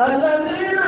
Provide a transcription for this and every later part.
الذين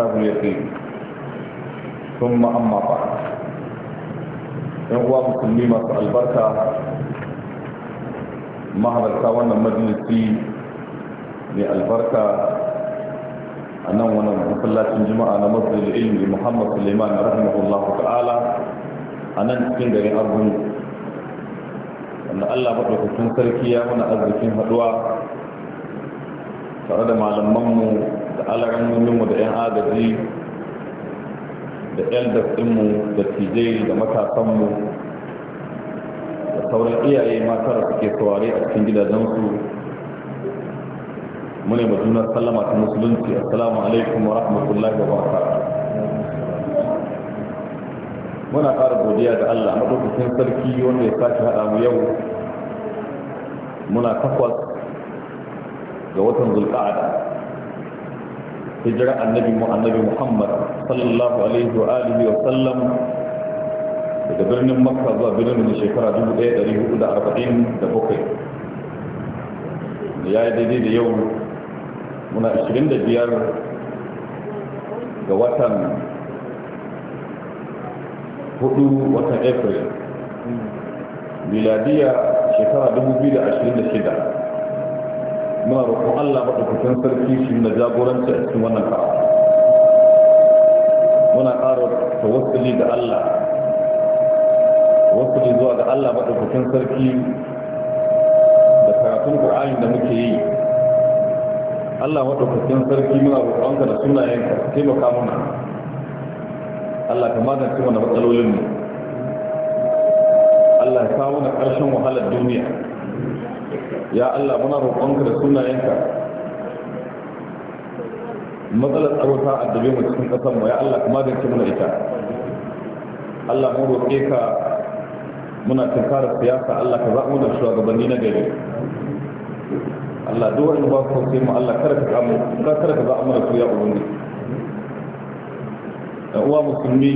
أتاه اليقين ثم أما بعد ينقوى مسلمة البركة mahadar wannan majalisi mai albarka a nan wannan masallacin juma'a na masjid ilmi muhammad suleiman rahimahullah ta'ala a nan cikin garin abu wanda allah maɗaukakin sarki ya mana arzikin haɗuwa tare da malamanmu da alaramminmu da 'yan agaji da 'yan dasinmu da tijai da matasanmu da sauran iyaye matar da suke saurare a cikin gidajensu mune ba sallama ta musulunci assalamu alaikum wa rahmatullahi wa barakatuh muna ƙara godiya da Allah maɗaukakin sarki wanda ya sake haɗa mu yau muna takwas ga watan zulƙa'ada hijira annabi mu annabi muhammad sallallahu alaihi wa alihi wa sallam daga birnin makka zuwa birnin da shekara 1447 ya yi daidai da yau muna 25 ga watan 4 watan april miladiya shekara 2026 muna roƙon Allah maɗaukakin sarki shi na jagoranci a cikin wannan kawo muna ƙara tawassuli ga Allah tawassuli zuwa ga Allah maɗaukakin sarki da karatun ƙur'ani da muke yi Allah maɗaukakin sarki muna roƙonka da sunayenka taimaka mana Allah ka magance mana matsalolin mu Allah ya kawo na ƙarshen wahala ya Allah muna roƙonka da sunayenka matsalar tsaro ta addabe mu cikin ƙasar mu ya Allah ka magance muna ita Allah mu roƙe ka muna tunka da siyasa Allah ka zaɓo da shugabanni na gari Allah duk wani ba ku sai mu Allah kar ka kamu kada ka zaɓo da su ya ubangi da uwa musulmi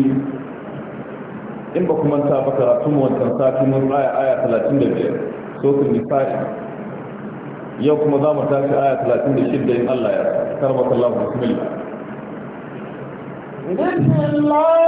in ba ku manta ba karatu mu wancan sati mun aya aya 35 sokin nisa'i yau kuma za mu tashi aya 36 in Allah ya karba kallahu bismillah بسم الله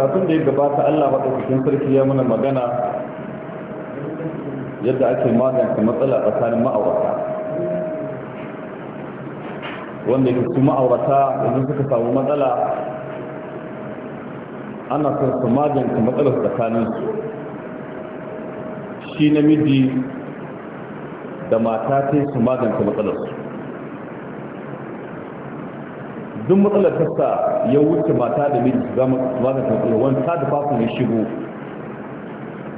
karatun da ya gabata Allah maɗaukakin sarki ya mana magana yadda ake magance matsala tsakanin ma'aurata wanda yake su ma'aurata idan suka samu matsala ana son su magance matsalar tsakaninsu shi namiji da mata ta su magance matsalarsu duk matsalar tasta ya wuce mata da miji za mu zaka tafiya wani ta da fasin ya shigo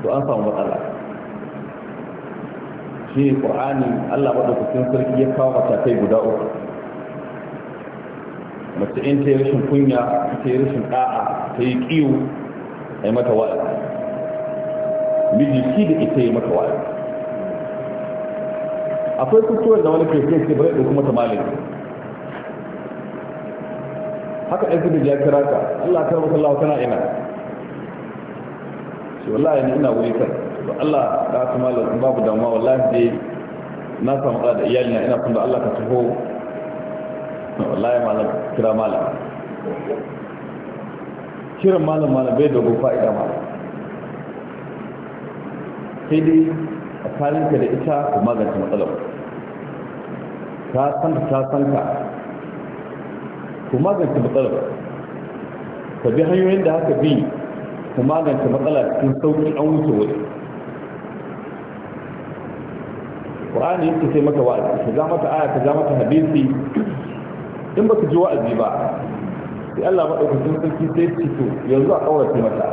to an samu matsala shi ne qur'ani Allah madaukakin sarki ya kawo kai guda uku mace in ta yi rashin kunya ta yi rashin ɗa'a, ta yi kiyo a yi mata wa'azi miji shi da ita yi mata wa'azi akwai kuskure da wani ke sai sai bare da kuma ta malami haka ɗan kudu ya kira ka Allah ta maka Allah kana ina shi wallahi ina wuri kai, to Allah da kuma babu damuwa wallahi dai na samu da iyalina ina kun da Allah ka taho wallahi malam kira malam kiran malam malam bai dogo fa'ida ma, sai dai a kalinka da ita ku magance matsalar ka san ka san ka ku magance matsalar ka bi hanyoyin da haka bi ku magance matsala cikin sauƙi an wuce wuri ƙwa'ani yake sai mata wa'azi ka za mata aya ka za mata hadisi in ba ka ji wa'azi ba sai Allah maɗaukakin sarki sai ce yanzu a ƙaurace mata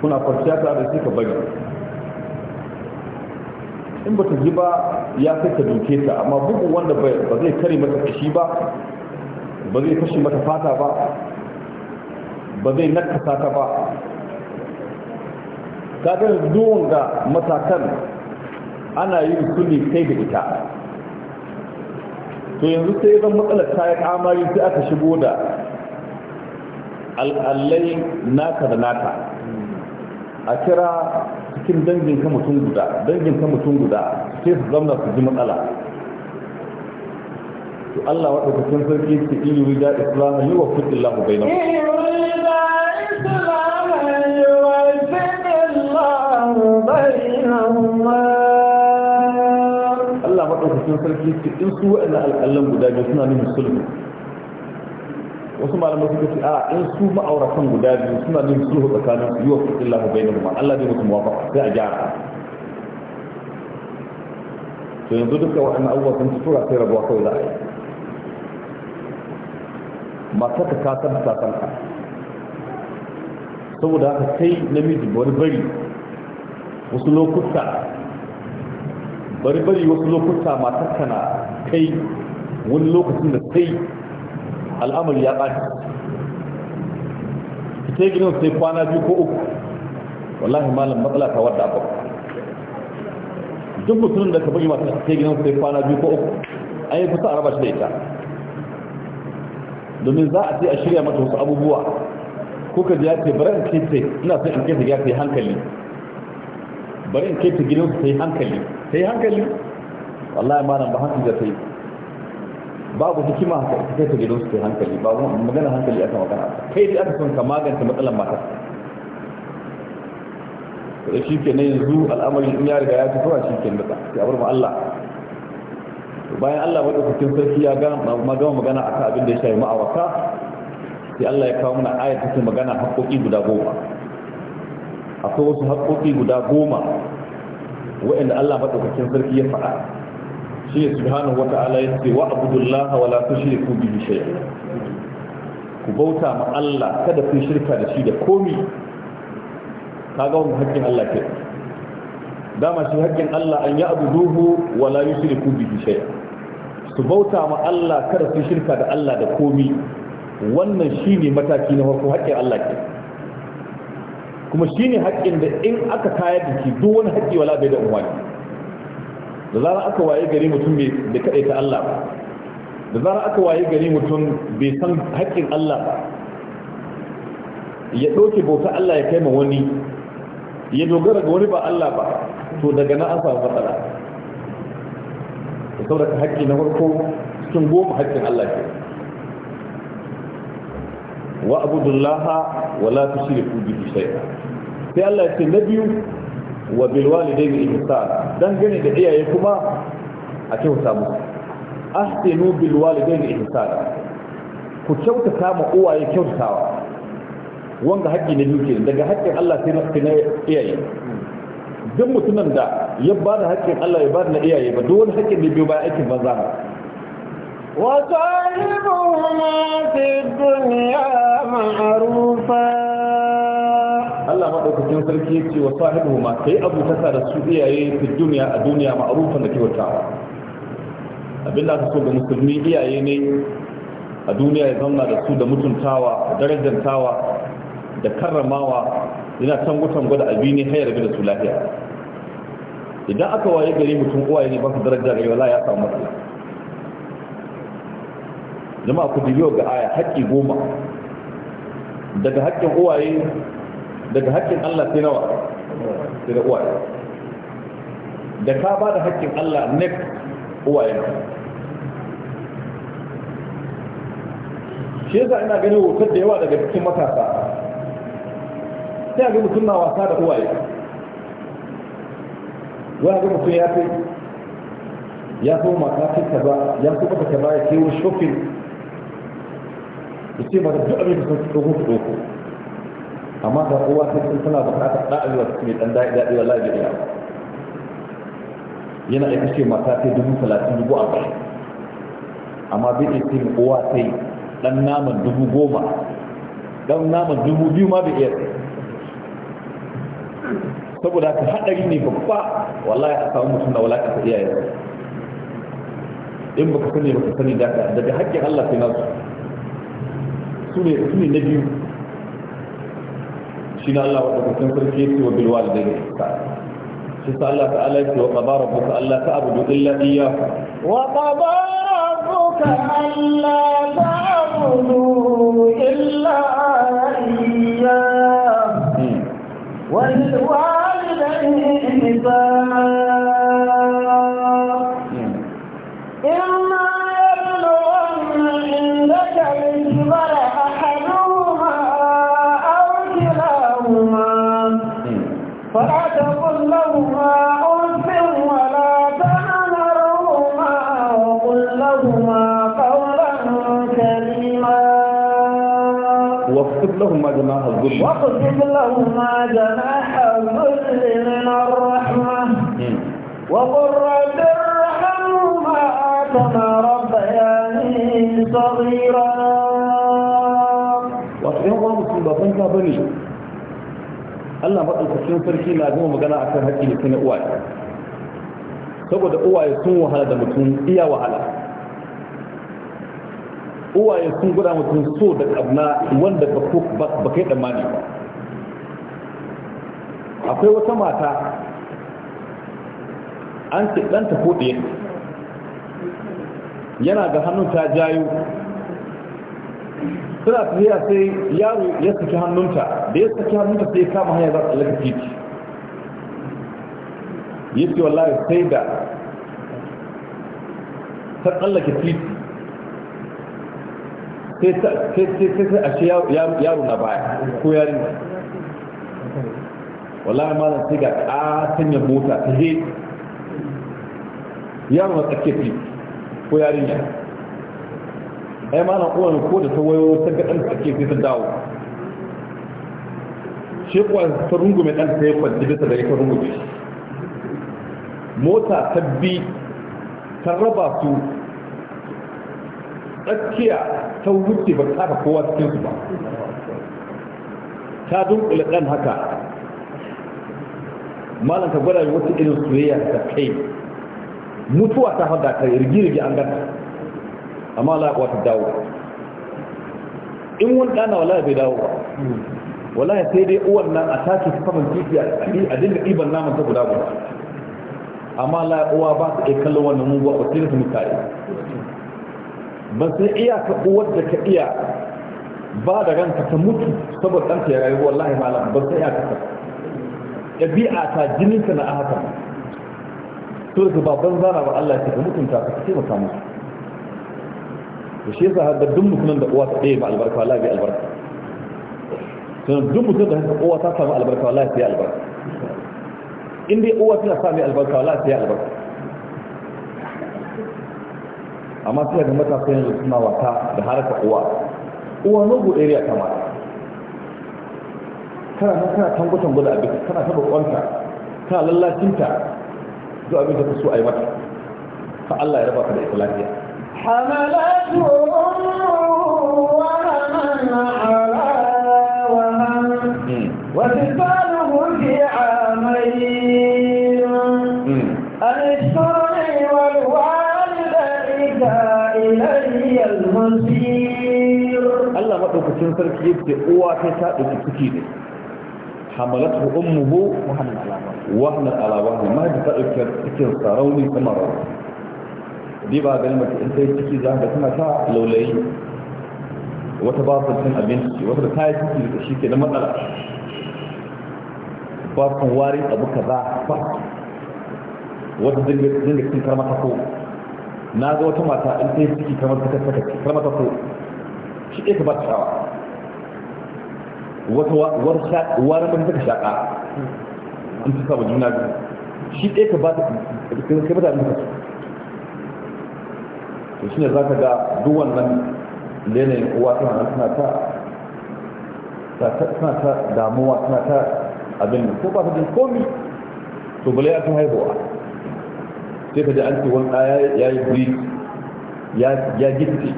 kuna kwanciya ta da shi ka bari in ba ta ji ba ya sai ka duke ta amma bugun wanda ba zai kare mata kashi ba ba zai fashe mata fata ba ba zai nakasa ta ba kagar duwan ga matakan ana yi su ne kai da ita to yanzu sai zan matsalar ta ya kamari sai aka shigo da al'allai naka da naka a kira cikin dangin ka mutum guda dangin ka mutum guda sai su zamna su ji matsala to Allah waɗaukacin sarki su in yi rida islam yi wa fiɗin lahu bai nan Allah maɗaukacin sarki su in su waɗanda al'allan guda biyu suna nuna sulhu wasu malamai suka ce a in su ma'auratan guda biyu suna nuna sulhu tsakanin su yi wa fiɗin lahu bai nan Allah ne musu muwafaƙa sai a gyara to yanzu duka waɗannan abubuwa sun ci tura sai rabuwa kawai za a yi matar ka ta san ta san saboda haka kai namiji bari bari wasu lokuta bari bari wasu lokuta matar ka na kai wani lokacin da sai al'amari ya ɓaci sai gina sai kwana biyu ko uku wallahi malam matsala ta wadda abu duk mutumin da ka bari matar sai gina sai kwana biyu ko uku an yi kusa a raba shi da ita domin za a ce a shirya mata wasu abubuwa kuka ji ya ce bari in kai ina son in kai ta ta yi hankali bari in kai gidansu ta yi hankali ta yi hankali wallahi ma nan ba hankali da ta yi babu hikima haka ita kai ta gidansu ta yi hankali ba magana hankali aka magana kai da aka son ka magance matsalar matar da shi ke na yanzu al'amarin in ya riga ya fito a shi ke nutsa ya bar ma Allah bayan Allah madaukakin sarki ya gama magana a abin da ya shayi ma'awaka sai Allah ya kawo mana ayat take magana haƙoƙi guda goma akwai wasu haƙoƙi guda goma wa'inda Allah madaukakin sarki ya faɗa shi ne subhanahu wata ala ya ce wa abudullaha wa la tushriku bihi shay'a ku bauta ma Allah kada ku shirka da shi da komi ga wannan haƙƙin Allah ke dama shi haƙƙin Allah an ya abuduhu wala la yushriku bihi shay'a su bauta ma Allah kada su shirka da Allah da komi wannan shine mataki na farko haƙƙin Allah ke kuma shine haƙƙin da in aka tayar da shi duk wani haƙƙi wala bai da umarni da zarar aka waye gari mutum bai kaɗai ta Allah ba da zarar aka waye gari mutum bai san haƙƙin Allah ba ya doke bauta Allah ya kai ma wani ya dogara ga wani ba Allah ba to daga na an samu matsala da ka haƙƙi na farko cikin goma haƙƙin Allah ke wa abudullaha wa la tushriku bihi shay'a sai Allah ya ce na biyu wa bil walidayni ihsana dan gane da iyaye kuma a wata musu ahsinu bil walidayni ihsana ku kyautata ma uwaye kyautatawa wanga haƙƙi ne duke daga haƙƙin Allah sai na iyaye duk mutumin da ya ba da haƙƙin Allah ya ba da iyaye ba duk wani haƙƙin da biyu ba aikin banza ba وصاحبهما fi الدنيا معروفا Allah maɗaukakin sarki yace ce wa sahibu ma kai abu kasa da su iyaye fi duniya a duniya ma'arufan da kyautawa abin da so ga musulmi iyaye ne a duniya ya zama da su da mutuntawa da darajantawa da karramawa yana tangutan gwada abi ne hayar da su lafiya idan aka waye gari mutum uwaye ne ba su daraja ga wala ya samu matsala jama'a ku dubi ga aya haƙƙi goma daga haƙƙin uwaye daga haƙƙin Allah sai nawa sai da uwaye da ka ba da haƙƙin Allah ne uwaye ne shi yasa ina ganin wutar da yawa daga cikin matasa sai a ga mutum na wasa da uwaye za ga mutum ya fi ya fi mata ta ba ya fi mata ta ba ya kewa shofin? ya ce ba mata duk abin da sun fito ko doko amma ga kowa sai sun tana bukatar ɗa'arewa su mai ɗan daɗi daɗi wallahi da iyawa yana ya kashe mata ta dubu talatin dubu arba'in amma bai iya ce kowa sai ɗan naman dubu goma ɗan naman dubu biyu ma bai iya saboda ka haɗari ne babba wallahi a samu mutum da walaƙa wulakanta iyayensa in baka sani baka sani daga daga haƙƙin Allah sai nasu su ne su ne na biyu shi na Allah wadda kusan sarki yake wa bilwa da daga ta shi sa Allah ta'ala yake wa qada rabbuka alla ta'budu illa iyyahu wa qada rabbuka alla ta'budu النساء واخفض لهم ما جناح الظلم واخفض لهم ما جناح الظلم من الرحمة وقل رب الرحم ما آتنا رب يامين صغيرا واخفين الله مسلم بابنك بني الله بطل كسين فركي لا جمع مقنع أكثر هكي لكين أواي سوى دعوة يسوى هذا المتون إيا وعلا uwaye sun guda mutum so da ƙabna wanda ba ku ba kai tsammani ba akwai wata mata an ce ɗanta ko ɗaya yana ga hannun ta jayo suna tafiya sai yaro ya saki hannunta da ya saki hannunta sai kama hanyar za su laka titi ya ce wallahi sai da ta tsallake titi sai sai a ce yaro na baya ko yarin wallahi ma zan sai ga katon ya mota ta he yaro na tsakiyar fi ko yarin ya ai ma na kowane ko da ta wayo ta ga ɗan tsakiyar fi ta dawo shi kuwa ta rungume ɗan ta yi kwanci bisa da ya ta rungume mota ta bi ta raba su tsakiya ta wuce ba ta kowa cikin su ba ta dunkule ɗan haka malam ka gwada wata irin soyayya ta kai mutuwa ta hada ta rigirgi an gata, amma la ta dawo in wani ɗana wala bai dawo wala ya sai dai uwan nan a tashi su saman titi a dinga ɗiban naman ta guda guda amma la uwa ba su iya kallon wannan mugu a kwatirin su mutane ban san ka uwar da ka iya ba da ranka ta mutu saboda ɗanka ya rayu wallahi malam ban san ka ta ɗabi'a ta jininka na haka to da babban zara ba Allah ya ka mutunta ka ce ba samu, da shi yasa da duk mutumin da uwa ta ɗaya ba albarka wallahi bai albarka sannan duk mutum da haka uwa ta samu albarka wallahi sai albarka in dai uwa tana sami albarka wallahi sai albarka amma sai da matasa yanzu suna wata da harka uwa uwa nugu area kama kana nan kana tangoton gudu abin kana taba kwanta kana lallacinta zuwa abin da ta so a yi mata ka Allah ya raba ka da ita lafiya حملته المصير حملته أمه وحن على وحن على وحن ما هي تساعد كتير صاروني كمرة دي بقى قلمة انتهي تكي زهدة كما شاء وتباطل سن أبنتي وتبتاية تكي لتشيكي لما قلع باطل واري أبو كذا فقط وتدنك تنكر ما تقول na ga wata mata in sai ciki kamar ta kasa kamar ta ko, shi ɗaya ka ba ta shawa wata wani ban ta shaƙa in ta samu juna biyu shi ɗaya ka ba ta kai mata ba ta so to ne za ka ga duk wannan yanayin uwa tana nan tana ta tana ta damuwa tana ta abin ko ba ta jin komi to bala ya ta haihuwa sai ka ji an ce wani ɗaya ya yi brit ya gitti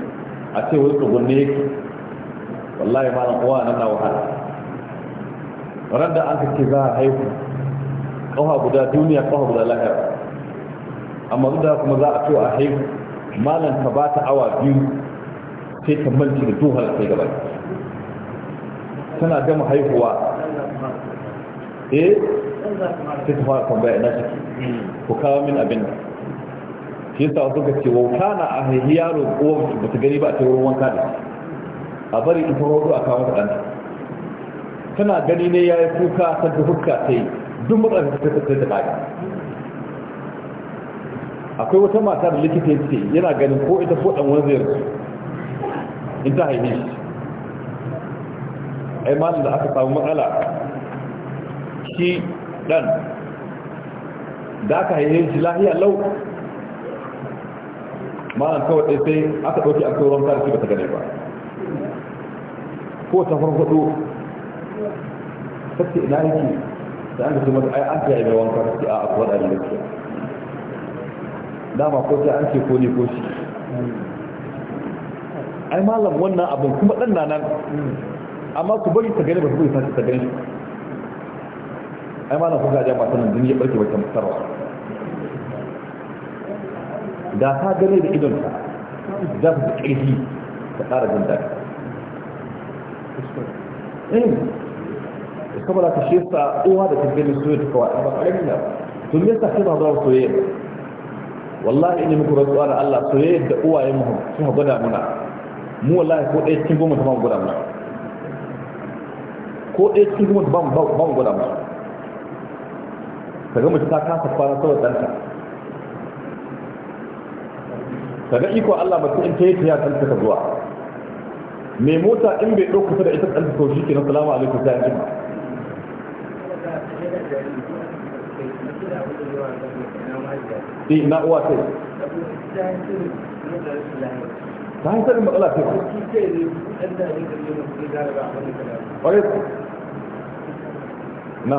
a ce wani tsugunne yake wallahi malam kowa nan na wahala ran da an ka ce za a haihu ƙafa guda duniya ƙafa guda lahira amma duk da kuma za a to a haihu malam ta ba ta awa biyu sai ta manci da duhar sai gaba tana gama haihuwa eh sai ta fara tambaya ina take ku kawo min abin da shi yasa wasu ka ce wauta na a haihi yaro uwan ba ta gani ba a ce wanka da a bari in ta rodo a kawo ta ɗanta tana gani ne ya yi kuka ta da hukka ta yi duk matsalar ta ta ta ɗaga akwai wata mata da likita ya ce yana ganin ko ita ko ɗan wani zai in ta haihe shi ai malin da aka samu matsala shi dan da aka haihe shi lahiya lau ma'an kawai ɗai sai aka ɗauki an sauran tarihi ba ta gane ba ko ta farfaɗo sassi ina yake da an gasu mata ai an ta yi mai wanka sassi a akwai ɗari da ke dama ko sai an ce ko ne ko shi ai malam wannan abin kuma ɗan na nan amma ku bari ta gane ba su bari ta gane shi ai na ko gaja ba sanin duniya barke wata musarwa da ta gane da idon ta za ka fi ƙarfi ka ƙara jin daɗi in eh, saboda ka shi sa uwa da tafiye da soyayya ta kawai A ƙarfi na to me yasa kina zuwa soyayya wallahi ina muku rantsuwa da Allah soyayya da uwayen mu suka gwada muna mu wallahi ko ɗaya cikin goma ta ba mu gwada muna ko ɗaya cikin goma ta ba mu gwada muna kaga mace ta kasa kwana saboda ɗanta kaga iko Allah mace in ta yi ta ya ɗanta ka zuwa mai mota in bai ɗauka da ita ɗanta to shi ke na salamu alaikum ta yi ɗi na uwa ta yi ta haifar matsala ta yi ƙwarai na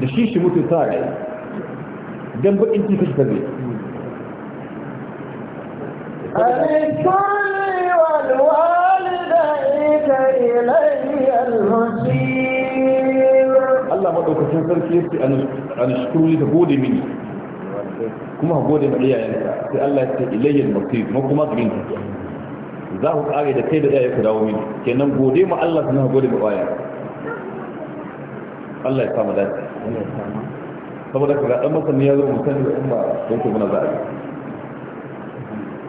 da shi shi mutu sa rai don bakin ci kashi fage Allah maɗaukacin sarki yake an shukuri da gode mini kuma ha gode mai iyayenka sai Allah ya ce ilayyar mafi makuma garin ka za ku kare da kai da iyayen ku dawo mini kenan gode ma Allah sannan gode ma iyayen Allah ya samu dace saboda ka dan masani ya zo mutan da umma yake muna za a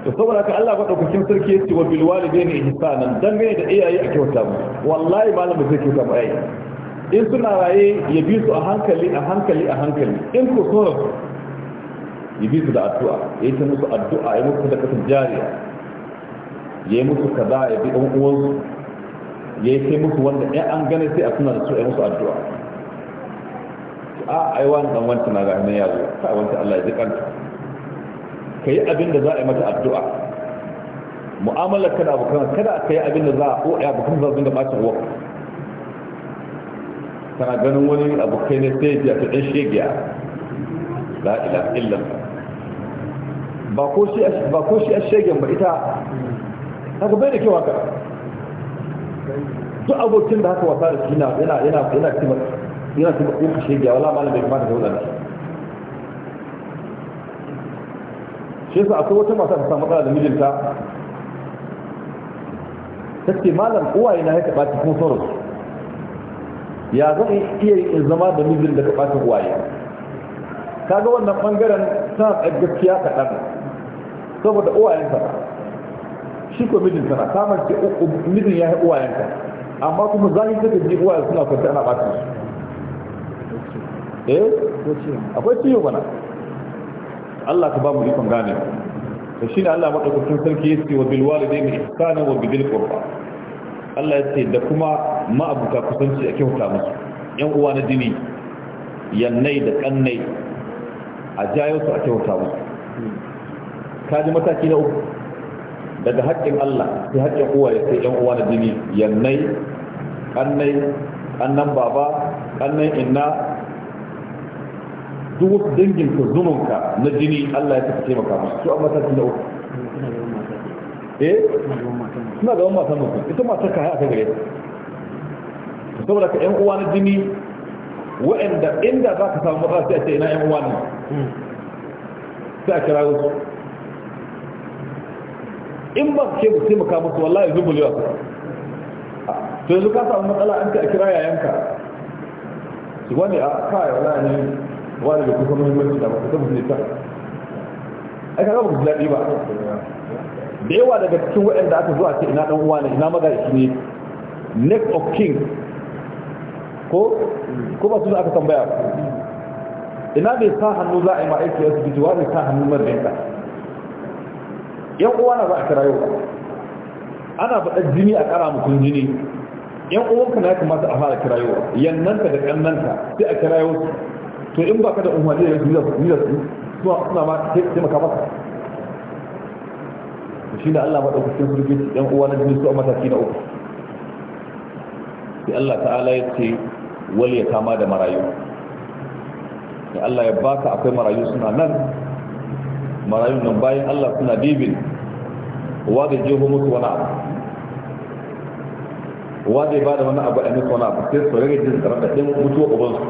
to saboda ka Allah madaukakin sarki yace wa bil walidaini ihsanan dangane da iyaye a kyauta mu wallahi malamin zai kyauta mu iyaye in suna raye ya bi su a hankali a hankali a hankali in ku so ya bi su da addu'a ya yi ta musu addu'a ya musu da kasan jariya ya yi musu kaza ya bi ɗan uwansu ya yi sai musu wanda ɗan an gane sai a suna da su ya musu addu'a a ai wani dan wanta na ga nan yazo ta wanta Allah ya zikanta kai abin da za a yi mata addu'a mu'amalar kada abokan kada kai abin da za a ko ya za su da bacin ruwa kana ganin wani abokai ne sai ya ta dan shegiya la ilaha illa ba ko shi ba ko shi shegen ba ita haka bai da kyau haka duk abokin da haka wasa da shi yana yana yana yana ta bakin kashe giya wala malam bai kamata da wadanda shi yasa akwai wata mata ta samu matsala da mijinta ta ce malam uwaye na haka ɓaci kuma sauran ya zan iya yin zama da mijin da ka ɓaci uwaye ta ga wannan ɓangaren tana gaskiya kaɗan saboda uwayen ta shi ko mijin tana ta mace mijin ya yi uwayen ta amma kuma zahiri ta ji uwayen suna kwanci ana ɓaci su eh akwai ciwo bana Allah ka ba mu ikon gane to shine Allah madaukakin sarki yace wa bil walidayni ihsana wa bil qurba Allah ya ce da kuma ma'abuta kusanci a kyauta musu yan uwa na dini yannai da kannai a jayo su a kyauta musu ji mataki na uku daga haƙƙin Allah sai haƙƙin ya sai yan uwa na dini yannai kannai kannan baba kannan inna duk dangin ka ka na jini Allah ya tafi taimaka musu su amma tafi na uku eh suna gaban matan mutum ita mata ka haka gare ta saboda ka ƴan uwa na jini wa'anda inda za ka samu matsala sai a ce ina ƴan uwa ne sai a kira wasu in ba ke ba taimaka musu wallahi zubulewa ka to yanzu ka samu matsala an ka a kira yayanka su wani a ah, kawai wala wani da kusa muhimmanci da masu tabbas ne ta ai kaga ba daɗi ba da yawa daga cikin waɗanda aka zuwa ce ina ɗan'uwa uwa ne ina shi ne next of king ko ko ba su da aka tambaya ina bai sa hannu za a yi ma'aiki su bijuwa bai sa hannu marinka yan uwa na za a kira yau ana faɗar jini a ƙara mutum jini yan uwanka na ya kamata a fara kira yau yannanka da ƙannanka sai a kira yau to in baka da umarni da su suna ma taimaka maka shi da Allah maɗaukacin surge su ɗan uwa na jini su a mataki na uku sai Allah ta'ala ya ce wal ya kama da marayu da Allah ya baka akwai marayu suna nan marayu nan bayan Allah suna bibin wa da jeho musu wani abu wa da ya ba da wani abu a musu wani abu sai su rage jin tsarar da mutuwa ubansu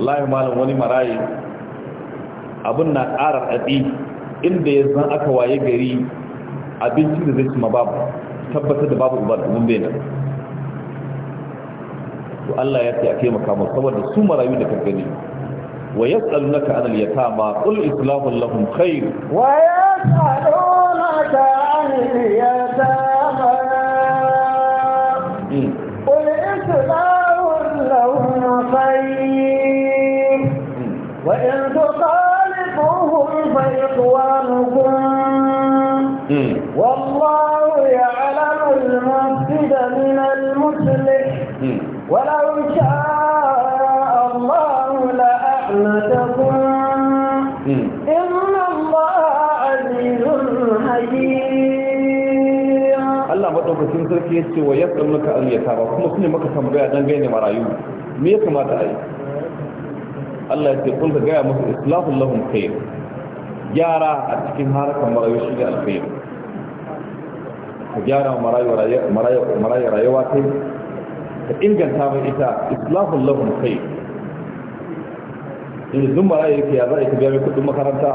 wallahi malam wani marayi abin na ƙara tsadi inda ya zan aka waye gari abinci da zai cima babu tabbatar da babu da domin bai nan to Allah ya ce a taimaka mu saboda su marayu da gani, wa yas'alunaka anil yatama qul islahu lahum khair wa yas'alunaka sai ya ce wa ya ka an yata ba kuma suna maka tambaya don gane marayu me ya kamata a yi Allah ya ce kun ka gaya musu islahun lahun kai gyara a cikin harakan marayu shi ne alkhairi ka gyara marayu rayuwa kai ka inganta mai ita islahun lahun kai in zumba ya yake ya za a yi ka biya mai kudin makaranta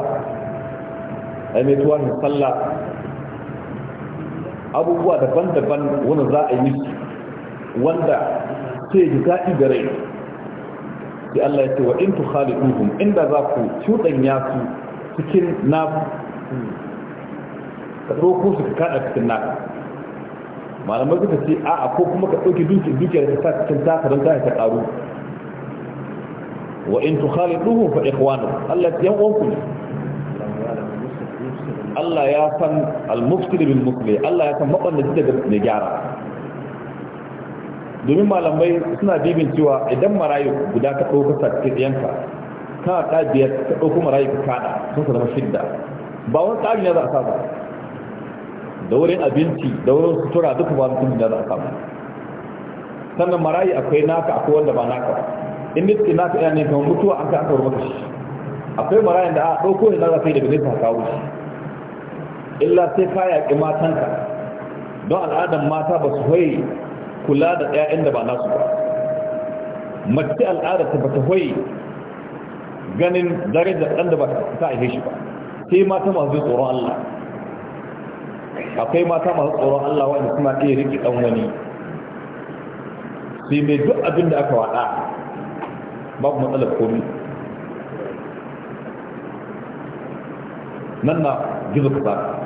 a yi mai tuwa sallah abubuwa daban-daban wani za a yi miki wanda sai ji daɗi da rai sai Allah ya ce wa in tu khaliquhum inda za ku cuɗanya su cikin naku ka ɗauko su ka kaɗa cikin naku malamai suka ce a'a ko kuma ka ɗauki dukiyar ka ta cikin taka don ta ta ƙaru wa in tu khaliquhum fa ikhwanukum Allah ya yan uwanku ne Allah ya san al muftiri bil mukli Allah ya san mabannaci daga ne gyara domin malamai suna bibin cewa idan marayu guda ka ɗauka sarkiyanka ka ta biyar ka ɗauko marayu ka kada sun ka zama shidda ba wani tsari ne za a saba da wurin abinci da wurin sutura duka ba mutum ne za a saba sannan marayu akwai naka akwai wanda ba naka in miski naka yana ne kamar mutuwa an ka aka rubuta shi akwai marayun da a ɗauko ne za a kai daga nesa kawo shi illa sai ka yaƙi matanka don al'adar mata ba su hoyi kula da 'ya'yan da ba nasu ba mace al'adar ta ba ta hoyi ganin darajar ɗan da ba ta aihe shi ba sai mata masu tsoron Allah akwai mata masu tsoron Allah wanda suna iya riƙe ɗan wani sai mai duk abin da aka waɗa babu matsalar komi nan na gizo ka zaka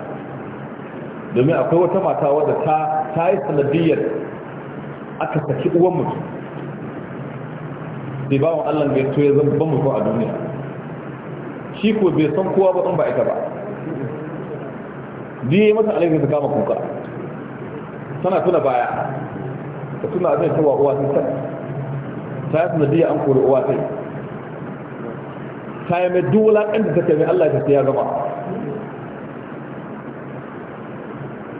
domin akwai wata mata wadda ta ta yi sanadiyar aka saki uwan mutu. bai bawan allah mai to ya zama ban mutu a duniya shi ko bai san kowa ba ɗan ba ita ba yi mata alaikata kama kuka tana tuna baya ta tuna abin ta wa uwa sun ta yi sanadiyar an kori uwa sai ta yi mai duwala ɗan da ta mai allah ta ya gaba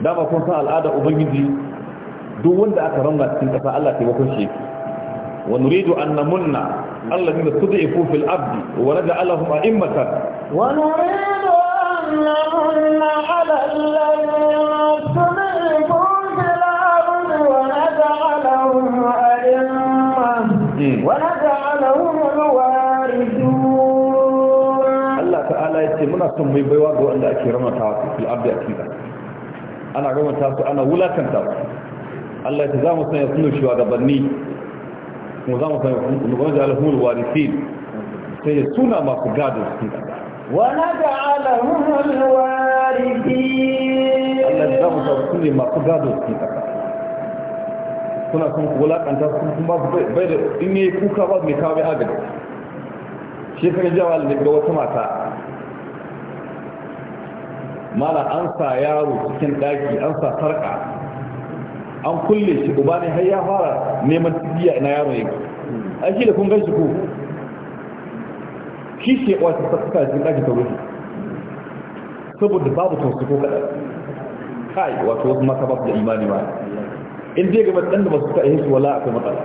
dama kun san al'ada ubangiji duk wanda aka ramna cikin kasa Allah taimakon shi wa nuridu an namunna alladhina tud'ifu fil ardi wa naj'alahum a'immatan wa nuridu an namunna 'ala alladhina tud'ifu fil ardi wa naj'alahum a'immatan wa naj'alahum al-warithun Allah ta'ala yace muna son mai baiwa ga wanda ake ramata fil ardi a cikin ana gabata su ana wulakanta su Allah ya za mu sanya sunu shugabanni mu za mu sanya mu gwamnati alhumul warisin sai ya suna masu gado cikin ƙasa wani ga alhumul warisin Allah ya za mu sanya sunu masu gado cikin ƙasa suna sun wulakanta su kuma bai da in yi kuka ba mai kawo mai agaji shekarar jawa da wata mata Mana an sa yaro cikin daki an sa sarka an kulle shi uba ne har ya fara neman tsibiya na yaro yake an shi da kun gan shi ko shi ke wata sarka cikin daki ta rufe saboda babu tausi ko kaɗan kai wato wasu mata ba su da imani ba in dai ga dan da masu ta su wala akwai matsala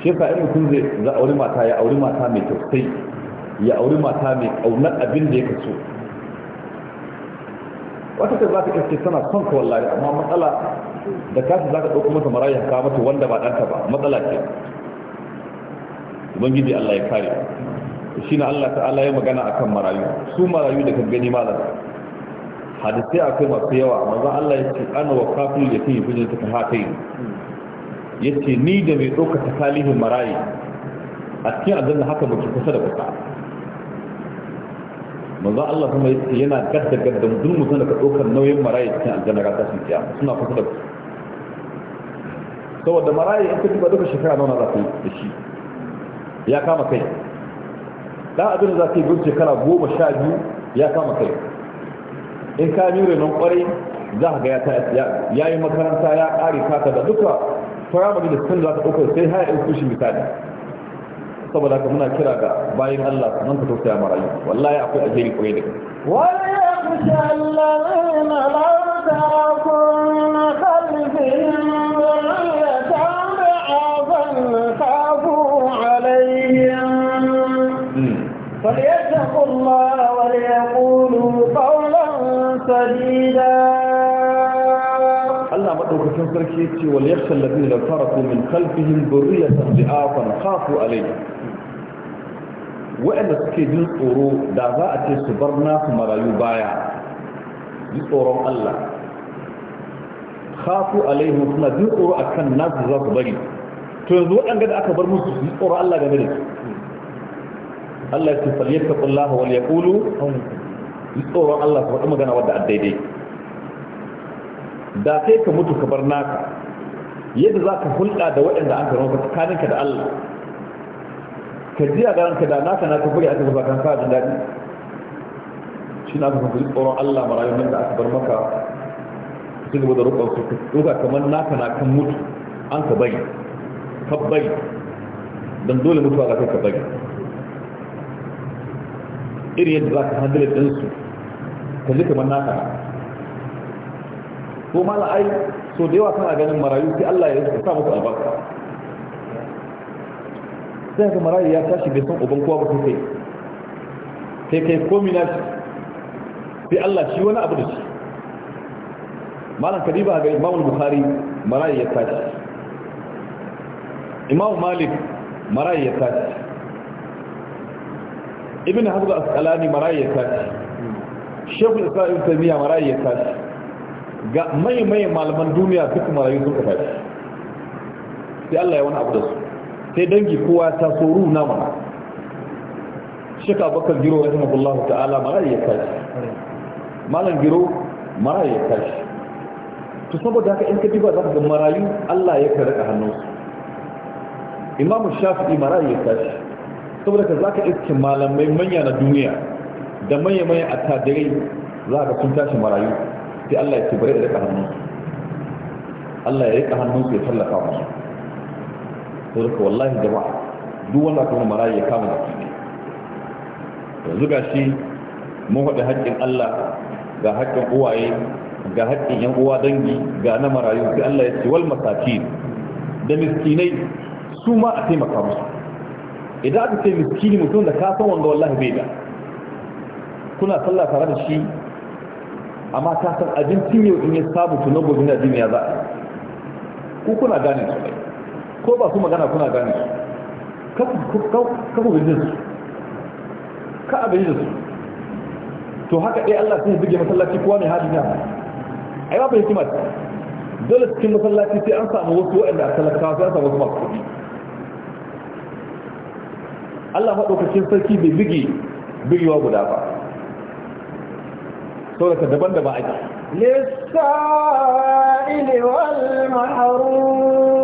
shi yasa in mutum zai za aure mata ya aure mata mai tausayi ya aure mata mai ƙaunar abin da ya kaso wata ta za ta kace tana son ka wallahi amma matsala da kasu za ka ɗauko mata maraya ka mata wanda ba ɗanta ba matsala ce ubangiji allah ya kare shi na allah ta'ala ya magana akan marayu su marayu da kan gani malam hadisai akwai masu yawa maza allah ya ce ana wa kafin ya fi bijin ta hatai ya ce ni da mai ɗauka ta talihin marayi a cikin azan da haka muke kusa da kusa manzo Allah kuma yana gadda gadda mutum mutum da ka ɗaukar nauyin marayi cikin aljanna ga tashin kiyama suna kusa da saboda marayi in kuka duka shekara nawa za ku yi da shi ya kama kai dan abin da za ka yi gudu kala goma sha biyu ya kama kai in ka yi renon kwarai za ka ga ya yi makaranta ya kare kaka da duka firamare da sun za ka ɗaukar sai haya in kushin misali saboda haka muna kira ga bayan Allah nan ka tausaya marayu wallahi akwai alheri kwaye da wala ya kusa allazina la ta'kun qalbihim فليتقوا الله وليقولوا قولا سديدا الله مدوكتين سركي يتي وليخشى الذين لو تركوا من خلفهم ذرية ضعافا خافوا عليهم waɗanda suke jin tsoro da za a ce su bar nasu marayu baya ji tsoron Allah khafu alaihim suna jin tsoro a kan nasu za su bari to yanzu waɗanda da aka bar musu su ji tsoron Allah game da su Allah ya ce falyattaqullaha wal yaqulu ji tsoron Allah su faɗi magana wadda daidai da sai ka mutu ka bar naka yadda za ka hulɗa da waɗanda an karo ka tsakaninka da Allah ka jiya ga ranka da naka na kafiri aka zuba kan kajin daɗi shi na kuma kuri tsoron Allah marayun nan da aka bar maka su gaba da rukun su duka kamar naka na kan mutu an ka bai ka bai don dole mutuwa a ka bai irin yadda za ka handila ɗinsu ka ji kamar naka na ko mala ai so da yawa kana ganin marayu sai Allah ya sa musu albarka Sai ga marayi ya tashi bai san uban kowa ba ko kai sai kai komi na shi sai Allah shi wani abu da shi malam kadiba ga Imam Bukhari marayi ya tashi Imam Malik marayi ya tashi Ibn Hazm al-Asqalani marayi ya tashi Sheikh Isra'il Ibn Taymiyyah marayi ya tashi ga mai mai malaman duniya duk marayi sun tashi sai Allah ya wani abu da su sai dangi kowa ta soru nawa shika bakar giro ya zama Allah ta'ala mara ya tashi malam giro mara ya tashi to saboda haka in ka diba za ka ga marayu Allah ya kare hannun su imamu shafi'i mara ya tashi saboda ka za ka iske malamai manya na duniya da manya manya a tadirai za ka sun tashi marayu sai Allah ya ce bare da rika su Allah ya rika hannunsu ya tallafa musu da daga wallahi jama'a duk wanda kuma mara ya kama da kuma yanzu ga shi mun haɗe haƙƙin Allah ga haƙƙin uwaye ga haƙƙin yan uwa dangi ga na marayu sai Allah ya ce wal masakin da miskinai su ma a taimaka musu idan aka ce miskini mutum da ka san wanda wallahi bai da kuna sallah tare da shi amma ka san abincin yau in ya samu tunan gobe na duniya za a yi ko kuna gane su ko ba su magana kuna gane kaku bijin su ka a da su to haka ɗaya Allah sun buge masallaci kuwa mai hali na a yi ba bai kimar dole cikin masallaci sai an samu wasu waɗanda a talakawa sai an samu wasu masu kuɗi Allah maɗaukacin sarki bai buge bugewa guda ba saurata daban-daban ake Lissa wal maharum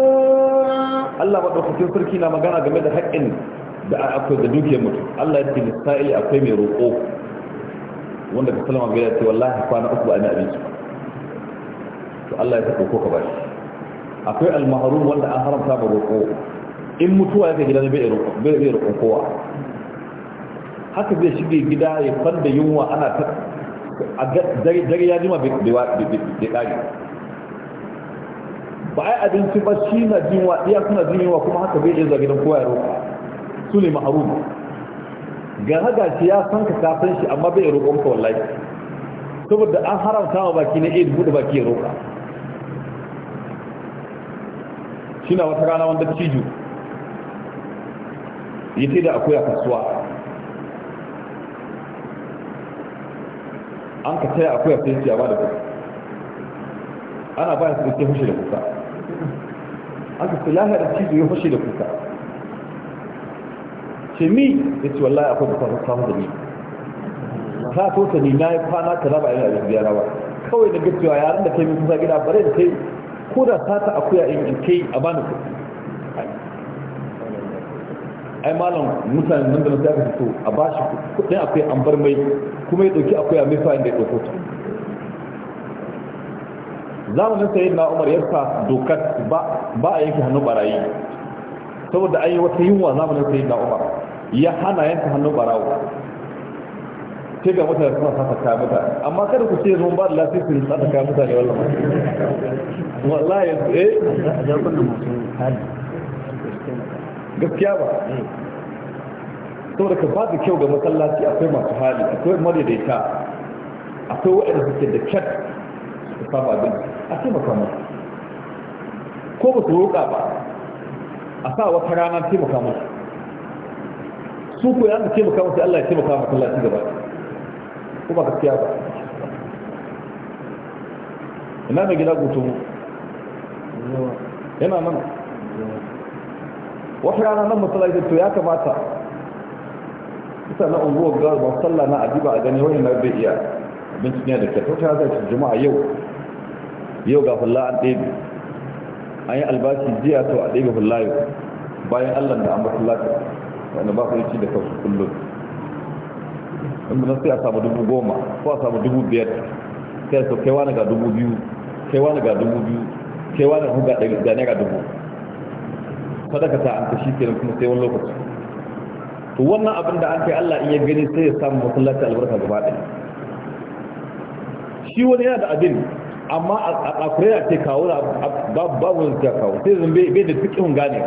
Allah madaukakin sarki na magana game da haƙƙin da akwai da dukiyar mutum Allah ya ce misali akwai mai roƙo wanda ka salama bai ce wallahi kwana uku ba ina abinci to Allah ya saka ko ka bashi akwai almaharum wanda an haramta ba roƙo in mutuwa yake gidan bai roƙo bai roƙo kowa haka zai shige gida ya fanda yunwa ana ta a dare ya jima bai bai ba ai abinci ba shi na jin wa iya suna jin yunwa kuma haka bai iya gidan kowa ya roƙa su ne ma'aru ga haka shi ya san ka ka shi amma bai roƙon ka wallahi saboda an haramta wa baki na aid buɗe baki ya roƙa shi na wata rana wanda ciju ya ce da akwai a kasuwa an ka taya akwai a sai ciyawa da ku ana ba su ke fushi da kuka aka fi da cizo ya fashe da kuka ce mi ya ce wallahi akwai bukatar samu da ne ta tosa ne na yi kwana ta raba ina da biyara ba kawai na gajewa yaran da kai min kusa gida bare da kai ko da sata akuya in in kai a bani kuɗi ai malam mutane nan da na sai aka fito a bashi kudin akuya an bar mai kuma ya ɗauki akuya mai fa'in da ya ɗauko ta zamanin sayi na umar yarsa dokar ba a yanke hannu barayi saboda an yi wata yunwa zamanin sayi na umar ya hana yanka hannu barawo sai ga mutane suna sa ta mutane amma kada ku ce zuwa ba da lasisin sa ta mutane wallah wallahi eh gaskiya ba saboda ka ba da kyau ga masallaci akwai masu hali akwai madaidaita akwai waɗanda suke da kyat su samu abinci a taimaka musu ko ba su roƙa ba a sa wata rana taimaka musu su ko yanzu taimaka musu Allah ya taimaka maka Allah ci gaba ko ba gaskiya ba ina mai gida gutun yana nan wata rana nan matsala ita to ya kamata ita na unguwar gawar ba sallah na adiba a gani wani na bai iya abincin ya da kyau ta zai juma'a yau yau ga fulla an ɗebe an yi albashi jiya to a ɗebe fulla yau bayan allah da an ba fulla ta wanda ba ku ci da kansu kullum in gudun sai a samu dubu goma ko a samu dubu biyar sai su kaiwa na ga dubu biyu kaiwa na ga dubu biyu kaiwa na ga da ga dubu sadaka ta an ta shi kenan kuma sai wani lokaci to wannan abin da an kai allah in ya gani sai ya samu masallaci albarka gaba ɗaya shi wani yana da abin amma a kure a ce kawo babu da kawo sai zan bai da cikin gane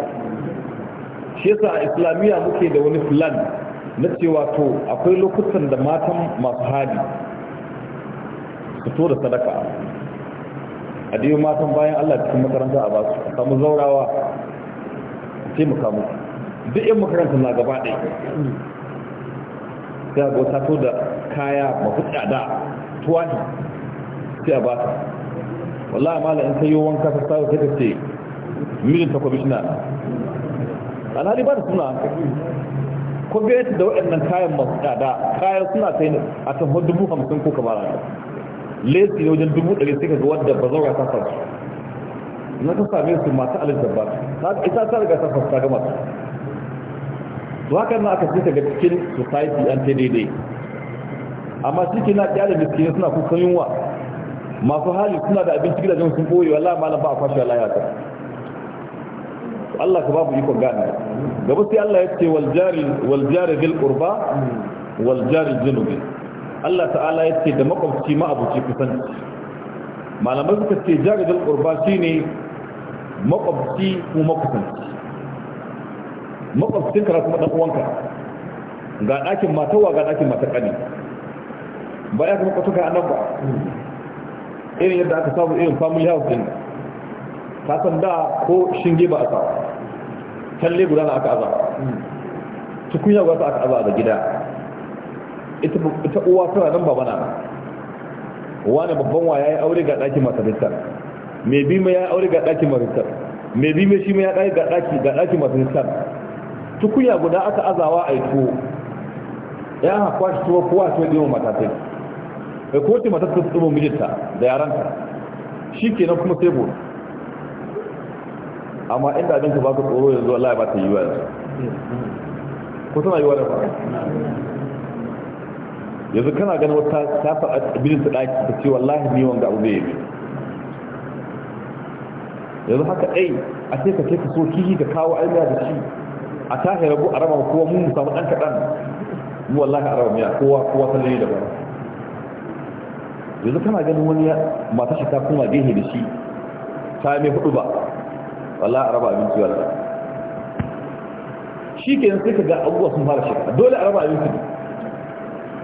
shi yasa a islamiyya muke da wani filan na cewa to akwai lokutan da matan masu hali fito da sadaka a dai matan bayan allah cikin makaranta a basu samu zaurawa ce mu kamu duk yan makaranta na gaba ɗaya sai a gota to da kaya mafi tsada tuwani sai a ba wallahi mala in kayo wanka ta sai ka tace mijin ta an alhali ba da suna ko yadda da waɗannan kayan masu tsada kayan suna sai a ta dubu hamsin ko kamar haka lesi wajen dubu 100 sai ka ga wadda ba zaura ta sarki na ta same su masu alinta ba ita ta riga ta fasta gama su to haka na aka cika ga cikin society an ta daidai amma cikin na ƙyale miskin suna kukan yunwa masu hali suna da abinci gidajen sun boye wallahi malam ba a kwashe wallahi haka Allah ka babu iko gane gaba sai Allah ya ce wal jari wal jari bil qurba wal jari junubi Allah ta'ala ya ce da makwabci ma abuci kusan. malamai suka ce jari bil qurba shine makwabci kuma makusanci makwabcin ka kuma dan uwanka ga ɗakin matawa ga ɗakin matakani ba ya kuma kwatuka annabi irin yadda aka samu irin family house din ka san da ko shinge ba a sa talle guda na aka aza tukunya guda aka aza da gida ita uwa tana nan ba mana wani babban wa ya yi aure ga ɗakin masalistar mai bi mai ya yi aure ga ɗakin masalistar mai bi mai shi mai ya ɗaki ga ɗaki ga ɗakin masalistar tukunya guda aka azawa a yi tuwo ya haƙwa shi tuwo kowa tuwo ɗin matatai kai ko ce mata ta tsubo mijinta da yaranta shi kenan kuma sai gobe amma inda abin ka tsoro yanzu Allah ya ba ta yi wa yanzu ko tana yi wa da ba yanzu kana ganin wata ta a abin ta ɗaki ta ce wallahi ni wanga abu zai yi yanzu haka ɗai a ce ka ce ka so kihi ka kawo aimiya da shi a tahirabu a rama kowa mun samu ɗan kaɗan mu wallahi a rama miya kowa kowa sallai da ba yanzu kana ganin wani mata shi ta kuma gehe da shi ta yi mai hudu ba Wala a raba abinci wallahi shi ke sai ka ga abubuwa sun fara shakka dole a raba abinci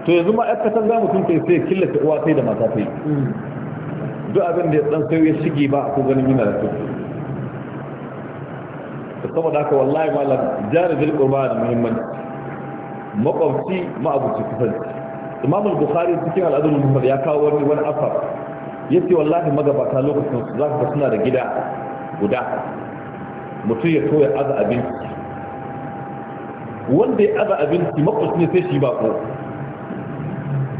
to yanzu ma aka san zamu tun kai sai killace uwa sai da mata sai mm. duk abin da ya dan sai ya shige ba ko ganin yana da to saboda haka wallahi malam jarabil qurba muhimmanci makwabci ma abuci kusanci imam al-bukhari cikin al'adun muhammad ya kawo wani wani asar yace wallahi magabata lokacin su zaka suna da gida guda mutum ya toya aza abinci wanda ya aza abinci makwas ne sai shi ba ko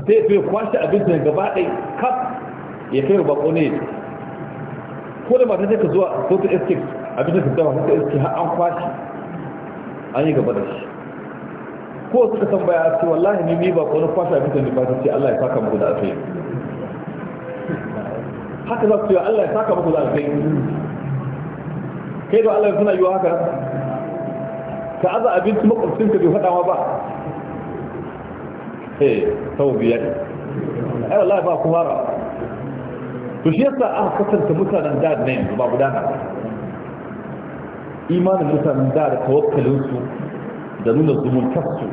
sai ya kwashe abinci abincin gaba ɗai kaf ya kai ba ko ne ko da mata ka zuwa ko ta iske abincin ka zama ta iske har an kwashe an yi gaba da shi ko suka tambaya su wallahi ni ni ba ko na fasa abin da ba ta ce Allah ya saka muku da alheri haka za su ce Allah ya saka muku da alheri kai da Allah suna wa haka ka aza abinci makwabcin ka bai faɗa ba eh sau biyar ai wallahi ba ku fara to shi yasa aka kasance mutanen da ne ba gudana imanin mutanen da da tawakkalinsu da nuna zumuntarsu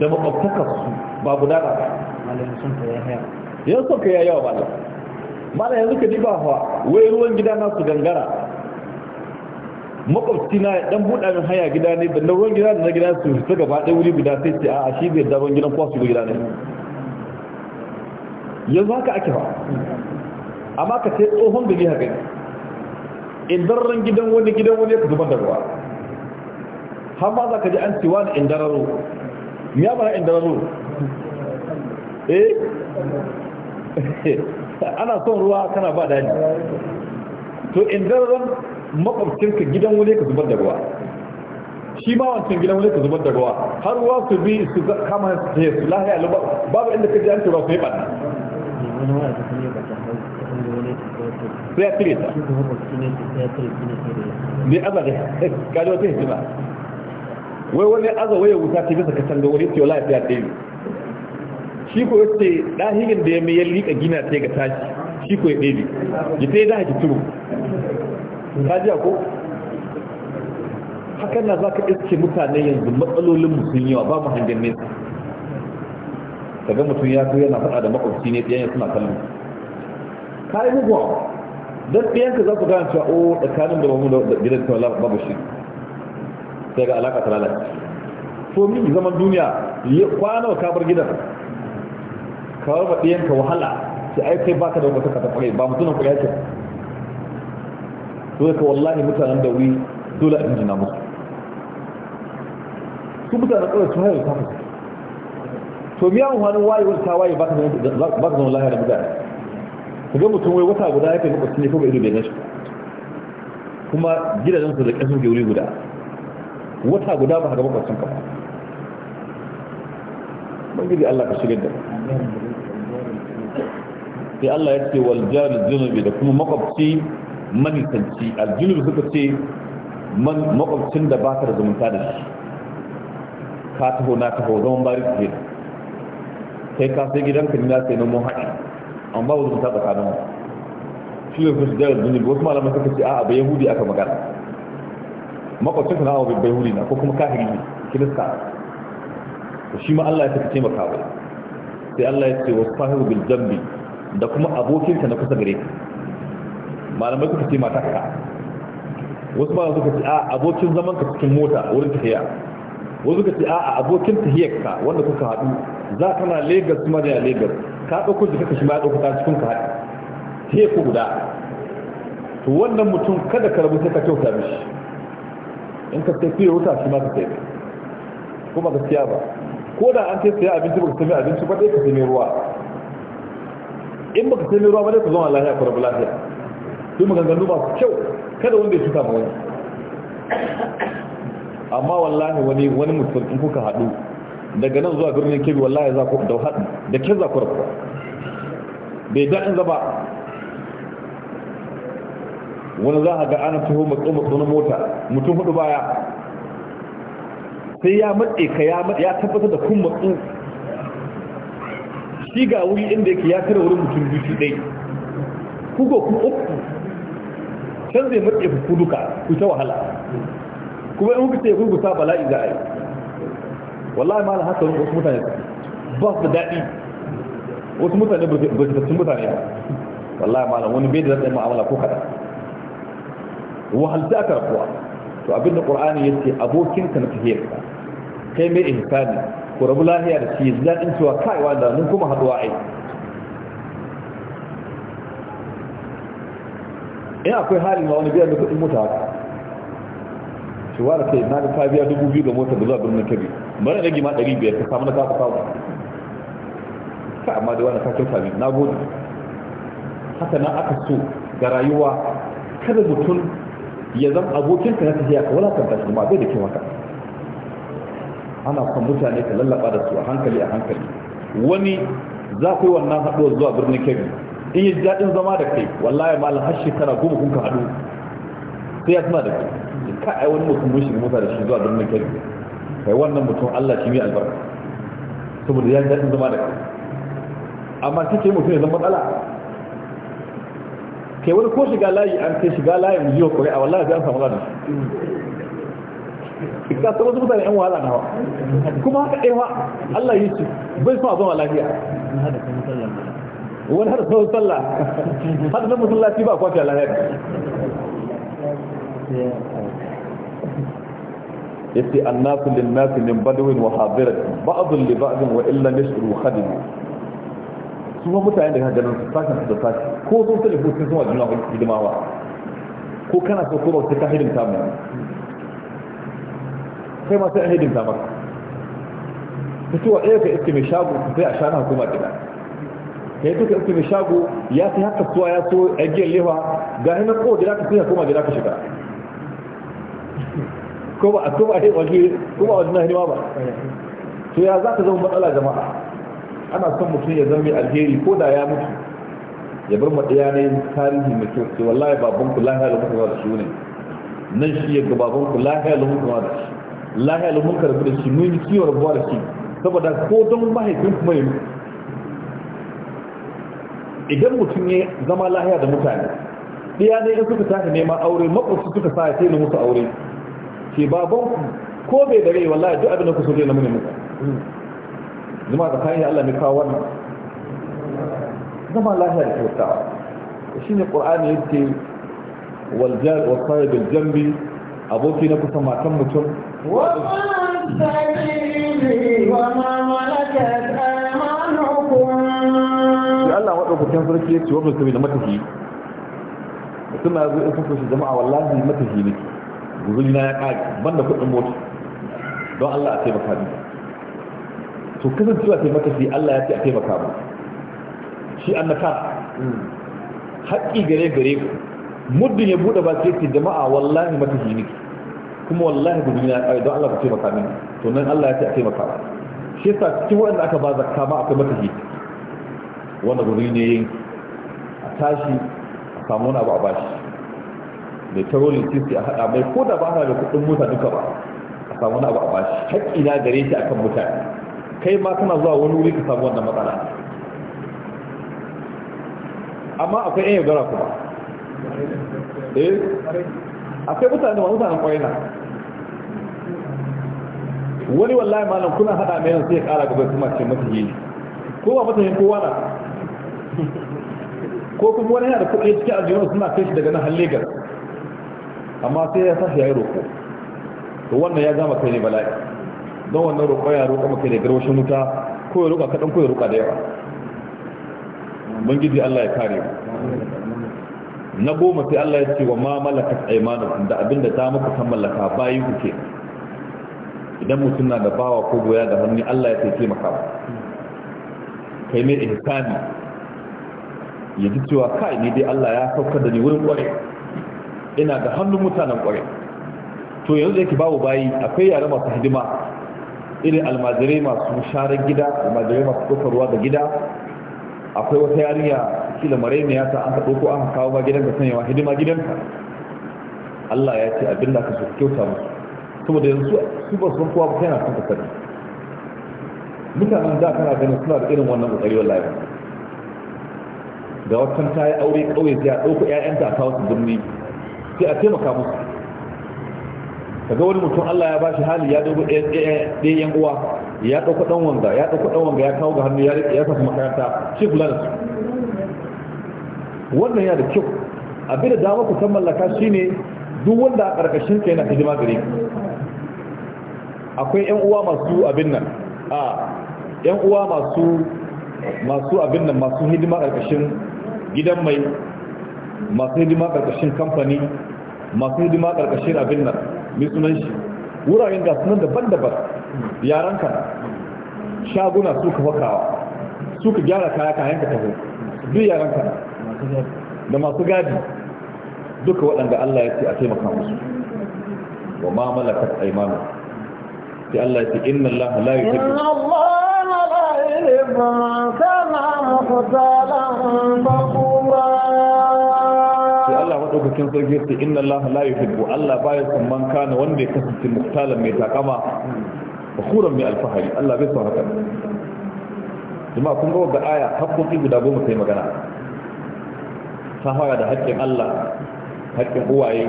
da makwabtakarsu ba guda ba yan sauka ya yawa ba bala yanzu ka ji ba fa wai ruwan gida nasu su gangara makwabci na dan buɗa min haya gida ne da ruwan gida da na gida su su gaba ɗaya wuri guda sai ce a shi bai zaban gidan kwasu ga gida ne yanzu haka ake ba amma ka sai tsohon ni haka ne. in ran gidan wani gidan wani ya ka zuban da ruwa har ba za ka ji an cewa na indararo mi ya bara indararo eh ana son ruwa kana ba daji to indararon makwabcinka gidan wani ka zubar da ruwa shi ma wancan gidan wani ka zubar da ruwa har ruwa su bi su kama su ta su lahiya luba babu inda ka ji an cewa su yi ɓanna sai ya tire ta ne azaga kaji wata hikima wai wani aza waya wuta ce bisa da wani ce wala ya ɗaya shi ko yace ɗahirin da ya mai liƙa gina ta ga tashi shi ko ya ɗaya ya ta yi da haki turu ta ji ko hakan na za ka iske mutane yanzu matsalolin musun yawa ba mu hangen nesa ga mutum ya kai yana faɗa da makwabci ne ɗiyan suna kallon ka yi muguwa don ka za ku gane cewa o oh, tsakanin da bamu da gidan tawa babu shi sai ga alaka ta lalace to min zaman duniya ya kwana ka bar gidan ka bar ka wahala sai ai kai baka da wata kata kwarai ba mutunan ku ce to ka wallahi mutanen da wuri dole a injina musu su mutanen kwarai su hayar ta musu to miya wani wayewar ta waye ba ka zama lahiyar mutane ku ga mutum wai wata guda ya kai makwacin ne kawai ido bai shi. kuma su da ƙasar gauri guda wata guda ba ga bakwacin ka ba bangiji Allah ka shirin da sai Allah ya ce wal jar junubi da kuma makwabci manisanci al junubi suka ce makwabcin da ba ta da zumunta da shi ka taho na taho zaman bari ke kai ka sai gidanka ni na sai na mun haɗi an ba wa zumunta tsakanin mu shi ne fushi da junubi wasu malamai suka ce a'a ba yahudi aka magana makwacin ka na abu bai wuri na ko kuma kahiri ne kirista to shi ma Allah ya saka taimaka wa sai Allah ya ce wasu fahimu bil zambi da kuma abokin na kusa gare malamai kuka ce mata ka wasu ba suka ce a abokin zaman ka cikin mota wurin tafiya wasu suka ce a abokin tafiyar ka wanda kuka haɗu za ka na Lagos kuma da Lagos ka ɗauko jika ka shi ma ya ɗauko ta cikin ka haɗu teku guda to wannan mutum kada ka rabu sai ka kyauta mishi in ka sai wuta shi ma ka tafi kuma gaskiya ba ko da an ce saya abinci baka tafi abinci ba dai ka sami ruwa in baka sami ruwa ba dai ka zama lafiya ku rabu lafiya mu maganganu masu kyau kada wanda ya cuta ma wani amma wallahi wani wani mutum in kuka haɗu daga nan zuwa birnin kebi wallahi za ku da haɗu da ke za ku rabu bai daɗin zaba wani za a ga ana taho na mota mutum hudu baya sai ya matse ka ya tabbatar da kun matsu shi ga wuri inda yake ya tara wurin mutum biyu ɗai kugo ku uku can zai matse ku ku duka ku ta wahala kuma in kuka ce gurgusa bala'i za a yi wallahi ma haka wasu mutane ba su da daɗi wasu mutane ba su mutane ba wallahi ma wani bai da zai ma'amala ko kaɗan wahalta ka kuwa to abin da qur'ani yace abokin ka na tafiyarka kai mai ihsani ku rabu lahiya da shi zadin cewa kai wanda mun kuma haduwa ai in akwai halin ma wani biyar da kudin mota haka shi wara kai na ka biya dubu biyu ga mota da zuwa birnin kabi mara rage ma ɗari biyar ka samu na kafa kawo ka amma da wani kakin sami na gode haka nan aka so ga rayuwa kada mutum ya zan abokinka na tafiya ka wala wulakanta shi ma bai da kyau ka. ana kan mutane ka lallaba da su a hankali a hankali wani za ku yi wannan haɗuwar zuwa birnin kebbi in yi daɗin zama da kai wallahi ma alhar shekara goma kun ka haɗu sai ya tuna da kai ka ai wani mutum mun shiga mota da shi zuwa birnin kebbi kai wannan mutum allah shi ne albarka saboda ya daɗin zama da kai amma kike mutum ya zama matsala kai wani ko shiga layi an kai shiga layin jiwa kuri a wallahi sai an samu zanen ka tsoro su mutane yan wahala na hawa kuma haka ɗaya Allah yi ci. bai kuma zama lafiya wani har sau sallah har na musallaci ba kwafiya lafiya yace annasu lin nasi min badwin wa hadirat ba'd li ba'd wa illa nashru khadim su ma mutane da ganin su sashen su da sashi ko sun sani ko sun suna juna hidimawa ko kana so ko ba sai ta hidimta mu sai ma sai an hidimta maka fitowa ɗaya ka iske mai shago sai a shana hukuma gida kai tuka iske mai shago ya sai haka suwa ya so a giyar lewa ga hinan ko gida ka sai hukuma gida ka shiga ko ba a ko ba a yi waje kuma ba wajen hidima ba to ya za ka zama matsala jama'a ana son mutum ya zama mai alheri ko da ya mutu ya bar ma daya ne tarihi mai kyau sai wallahi baban ku lahiya da mutuwa da shi ne nan shi ya baban ku lahiya da mutuwa da shi lahiya da mutuwa da shi mun yi kiwon rabuwa da shi saboda ko don mahaifin kuma ya mutu idan mutum ya zama lahiya da mutane daya ne in suka tafi neman aure makwasu suka sa ya sai musu aure ke baban ku ko bai da rai wallahi duk abin da ku so ne na mune muku zama da tsakanin Allah mai kawo wannan zama lafiya da kyauta shi ne ƙur'ani ya ce waljar wa kare da jambi aboki na kusa matan mutum Allah waɗaukakin sarki ya ce wa musulmi da matafi suna zo in kaso shi jama'a wallahi matafi ne guzuri na ya ƙaƙi banda kuɗin mota don Allah a taimaka ni to kasancewa taimaka sai Allah ya ce a taimaka mu shi annaka haƙƙi gare gare ku muddin ya buɗe ba sai ce jama'a wallahi mata shi niki kuma wallahi gudu na ƙari don Allah ku taimaka min to nan Allah ya ce a taimaka ba shi yasa cikin waɗanda aka ba zakka ma akwai mata shi wanda gudu ne yin a tashi a samu wani abu a bashi mai tarolin sisi a haɗa mai ko da ba na da kuɗin mota duka ba a samu wani abu a bashi haƙƙi na gare shi akan mutane kai ma kana zuwa wani wuri ka samu wannan matsala amma akwai yan yaudara kuma eh akwai mutane masu mutanen kwaina wani wallahi malam kuna hada mai yanzu ya kara gaba kuma ce mata yi ko ba mata yin kowa na ko kuma wani yana da kuɗi cikin aljihun suna kai shi daga nan halligar amma sai ya sashi ya yi roƙo wannan ya gama kai ne bala'i don wannan roƙon ya roƙa maka da garwashin wuta ko ya roƙa kaɗan ko ya roƙa da yawa Bangiji Allah ya kare mu na goma sai Allah ya ce wa ma malaka aymanukum da abinda ta muku san mallaka bayi ku ke idan mutum na da bawa ko goya da hannu Allah ya ce ke maka kai mai ihsani ya ji cewa kai ne dai Allah ya saukar da ni wurin kware ina da hannun mutanen kware to yanzu yake babu bayi akwai yare masu hidima irin almajirai masu sharar gida almajirai masu kofarwa da gida akwai wata yariya kila maraimiya ta an taɓo ko an kawo ba gidanka sanyawa hidima gidanta? Allah ya ce abin da aka su kyauta musu saboda yanzu su ba sun kowa ba kai na son ka sani mutanen da kana ganin suna da irin wannan kokari wallahi Da wata ta yi aure kauye ta a ɗauko ƴaƴanta a kawo su birni sai a taimaka musu kaga wani mutum Allah ya bashi hali ya dogo ɗaya yan uwa ya ɗauka ɗan wanga ya ɗauka ɗan wanga ya kawo ga hannu ya sa makaranta shi kula da su wannan yana da kyau abin da dama ku san mallaka shine duk wanda a ƙarƙashin ka yana hidima gare ku akwai yan uwa masu abin nan a yan uwa masu masu abin nan masu hidima ƙarƙashin gidan mai masu hidima ƙarƙashin kamfani masu hidima ƙarƙashin abin nan mai sunan shi wuraren ga sunan daban-daban yaranka shaguna suka wakawa suka gyara kaya kayan ka taho duk yaranka da masu gadi duka waɗanda Allah ya ce a taimaka musu wa ma malakat aymanu sai Allah ya ce inna Allah la yuhibbu Allah la madaukakin sarki in inna Allah la yuhibbu Allah baya son man kana wanda ya kasance muktalan mai takama bakhuran mai alfahari Allah bai son haka jama'a kun ga aya haƙƙoƙi guda goma sai magana ta fara da haƙƙin Allah haƙƙin uwaye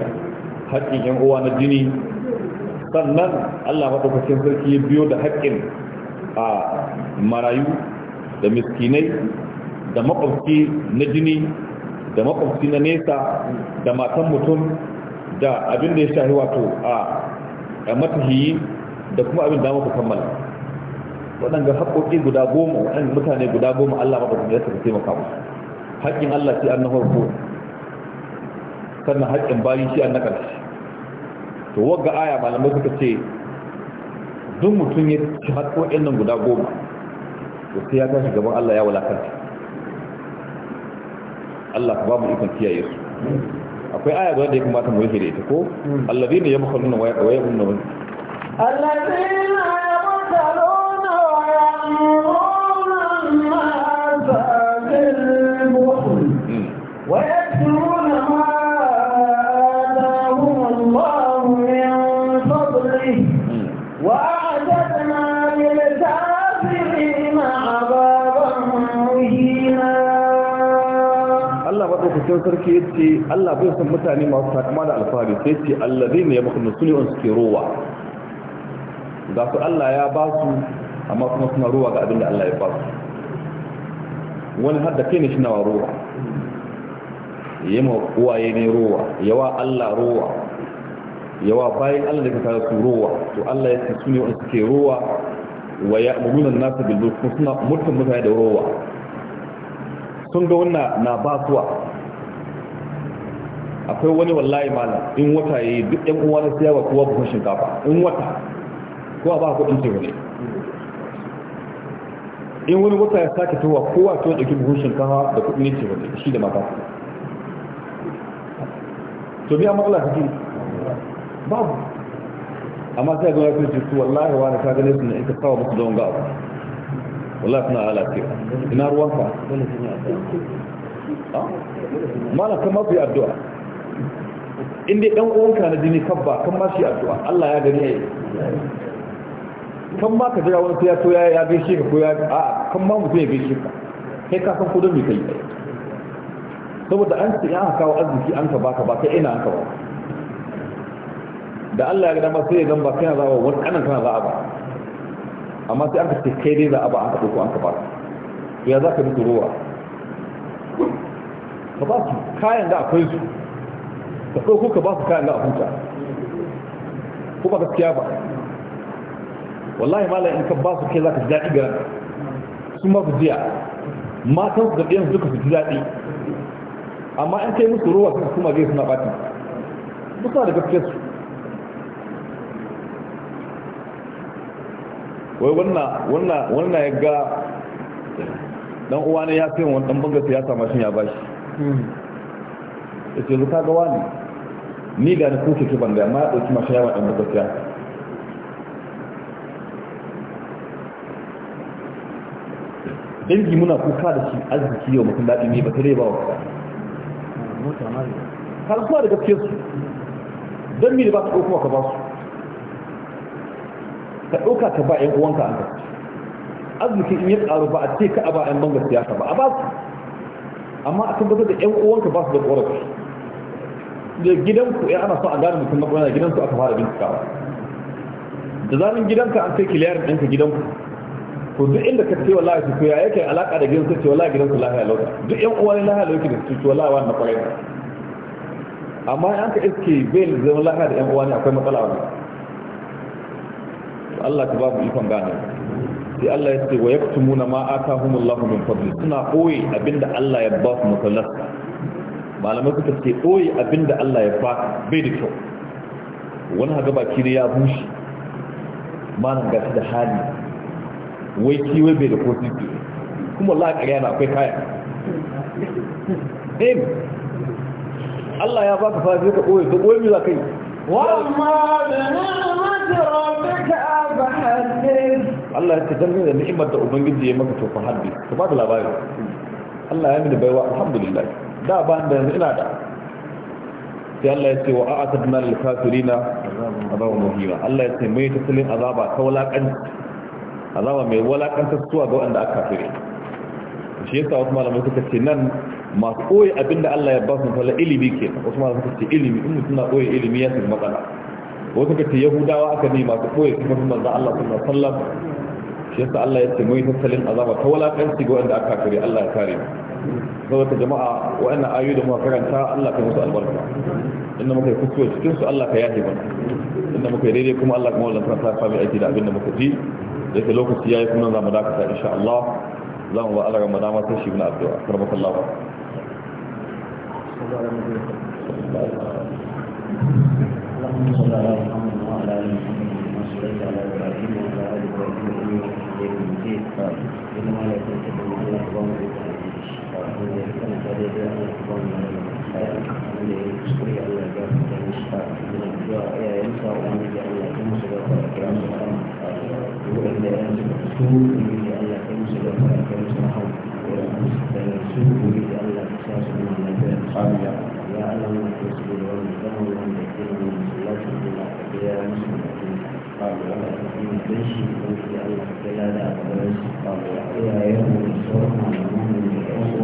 haƙƙin yan uwa na jini sannan Allah madaukakin sarki ya biyo da haƙƙin a marayu da miskinai da makwabci na jini da makwabci na nesa da matan mutum da abin da ya shahi wato a matahiyi da kuma abin da maku kammala waɗanda haƙoƙi guda goma waɗanda mutane guda goma Allah ba da yasa ka taimaka musu haƙƙin Allah shi an na farko sannan haƙƙin bayi shi an na ƙarshe to wagga aya malamai suka ce duk mutum ya ci haƙoƙin nan guda goma to sai ya tashi gaban Allah ya wulakanta Allah ka ba mu ikon kiyaye su akwai aya da ya kamata mu rufe da ita ko allazina yamkhuluna wa yaquluna allazina yamkhuluna madaukakin sarki ce, Allah bai san mutane masu takama da alfari sai ce Allah zai yace allazina yamkunu sunni wa suke rowa ga su Allah ya ba su amma kuma suna rowa ga abin da Allah ya ba su wani har da kai ne shi nawa rowa ma uwaye ne rowa yawa Allah rowa yawa bayan Allah da ka tare su rowa to Allah ya ce sunni wa suke rowa wa ya'muruna an-nasa bil-ma'ruf kuma suna mutum mutane da rowa sun ga wannan na basuwa akwai wani wallahi mala in wata yi duk ɗan uwa na siya wa kowa buhun shinkafa in wata kowa ba kuɗin ce wani in wani wata ya sake towa kowa to ke buhun shinkafa da kuɗin ce wani shi da mata to biya matsala ke babu amma sai ga wani su wallahi wa na ka gane su na ita kawo musu don gawa wallahi suna halaka ina ruwanka mala kama su yi addu'a inda ɗan uwanka na jini kabba kan ba shi addu'a Allah ya gani yayi kan ba ka jira wani ya to ya ya gaishe ka ko ya a kan ba mutum ya gaishe ka kai ka san ko don me kai saboda an ce an kawo arziki an ka baka ba kai ina an ka ba da Allah ya ga dama sai ya gamba kai na zawo wani kanan kana za'a ba amma sai an ka ce kai dai za'a ba an ka ɗauko an ka ba ya za ka bi ruwa ka ba su kayan da akwai su ka ɗauko ka ba su kayan da abuta ko ba gaskiya ba wallahi malam in ka ba su kai za ka ji daɗi ga su ma su jiya matan su da yanzu duka su ji daɗi amma in kai musu ruwa suka kuma zai suna ɓaci duka da gaskiya su wai wannan wannan wannan ya ga dan uwa ne ya sai wani dan ya siyasa mashin ya bashi hmm. ce zuka ga wani ni ga na kuke ki ban ga ma dauki mashi yawa dan gaskiya dangi muna kuka da shi arziki yau mutum daɗi ne ba ta ba wa kalkuwa da gaske su don mi da ba ta ɗaukowa ka ba su ka ɗauka ka ba ‘yan uwanka an gaske arziki in ya ƙaru ba a ce ka a ba ‘yan bangar siyasa ba a ba su amma a tabbatar da ‘yan uwanka ba su da ƙorafi da gidanku ya eh, ana so a gane mutum na da gidansu aka fara bincikawa da zanen gidanka an sai kiliyarin ɗinka gidanku ko duk inda ka ce wallahi su ya yake alaka da gidansu ce wallahi gidansu lahiya lauta duk yan uwa ne lahiya lauta da su ce wallahi wani na kwarai amma an ka iske bai zama lahiya da yan uwa ne akwai matsala wani Allah ka ba mu ikon gane sai Allah ya ce wa yaktumuna ma atahumullahu min fadli suna koyi abinda Allah ya ba su musallasa malamai suka ce ɓoye abin da Allah ya ba bai da kyau wani haka baki ne ya bushe malam gashi da hali wai kiwai bai da ko sisi kuma Allah ƙarya na akwai kaya. ɗin Allah ya baka fa zai ka ɓoye ka ɓoye mila kai Allah ya ce zan da ni'imar da Ubangiji ya maka tofa haddi, ka ba da labari. Allah ya mini baiwa, alhamdulillah. da ba da yanzu ina da sai Allah ya ce wa a'atadna lil kafirina azaba muhima Allah ya ce mai tasalin azaba ta walakan azaba mai walakan tasuwa ga wanda aka kafire shi yasa wasu malamai suka ce nan ma koyi abinda Allah ya ba su fala ilimi ke wasu malamai suka ce ilimi in mutum na koyi ilimi ya fi matsala wasu suka ce yahudawa aka ne masu koyi sifatin manzo Allah sallallahu sallah, shi yasa Allah ya ce mai tasalin azaba ta walakan ga wanda aka kafire Allah ya kare mu saboda jama'a wa'annan ayoyi da makaranta Allah ka musu albarka inda muka yi kuskure cikin su Allah ka yafe mana inda muka yi daidai kuma Allah kuma wannan karanta fa aiki da abin da muka ji da yake lokaci yi kuma za mu dakata insha Allah za mu ba Allah ramada ma sai shi bin addu'a karbaka Allah ba اللهم صل daidai Allah ku ba mu ya da musa muna zuwa iyayen sa wanda ya Allah ya musu da da su ne da Allah ya musu Allah ya sa su muna lafiya da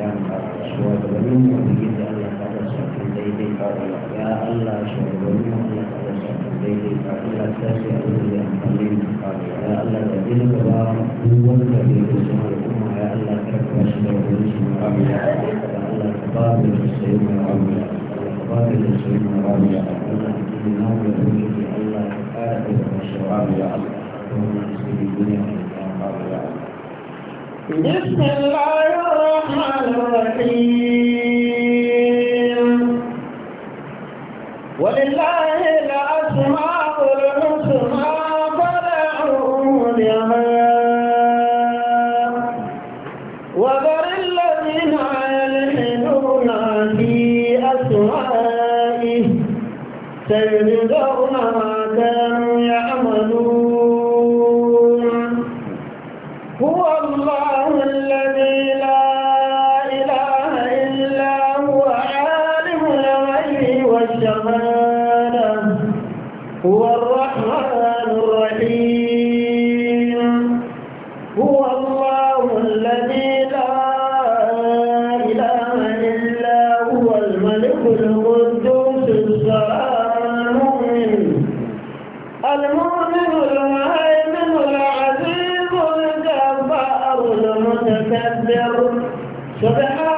yang shugabanninmu ubangiji Allah ka da sakin daidai ka Allah ya Allah shugabanninmu Allah ka da sakin daidai ka Allah ta ce abin da amfani mu ka ya Allah da jin gaba duk wanda bai da sun al'umma ya Allah ka raba shi da wani shi mu ya Allah ka ba mu da sai mu ya ba mu da sai mu ya Allah ka ji na mu da ubangiji Allah ka kara da shi ya Allah kuma su yi duniya بسم الله الرحمن الرحيم ولله الأسماء الحسنى فادعوه بها وذر الذين يلحدون في أسمائه سيجزون ما كانوا يعلمون تكبر سبحان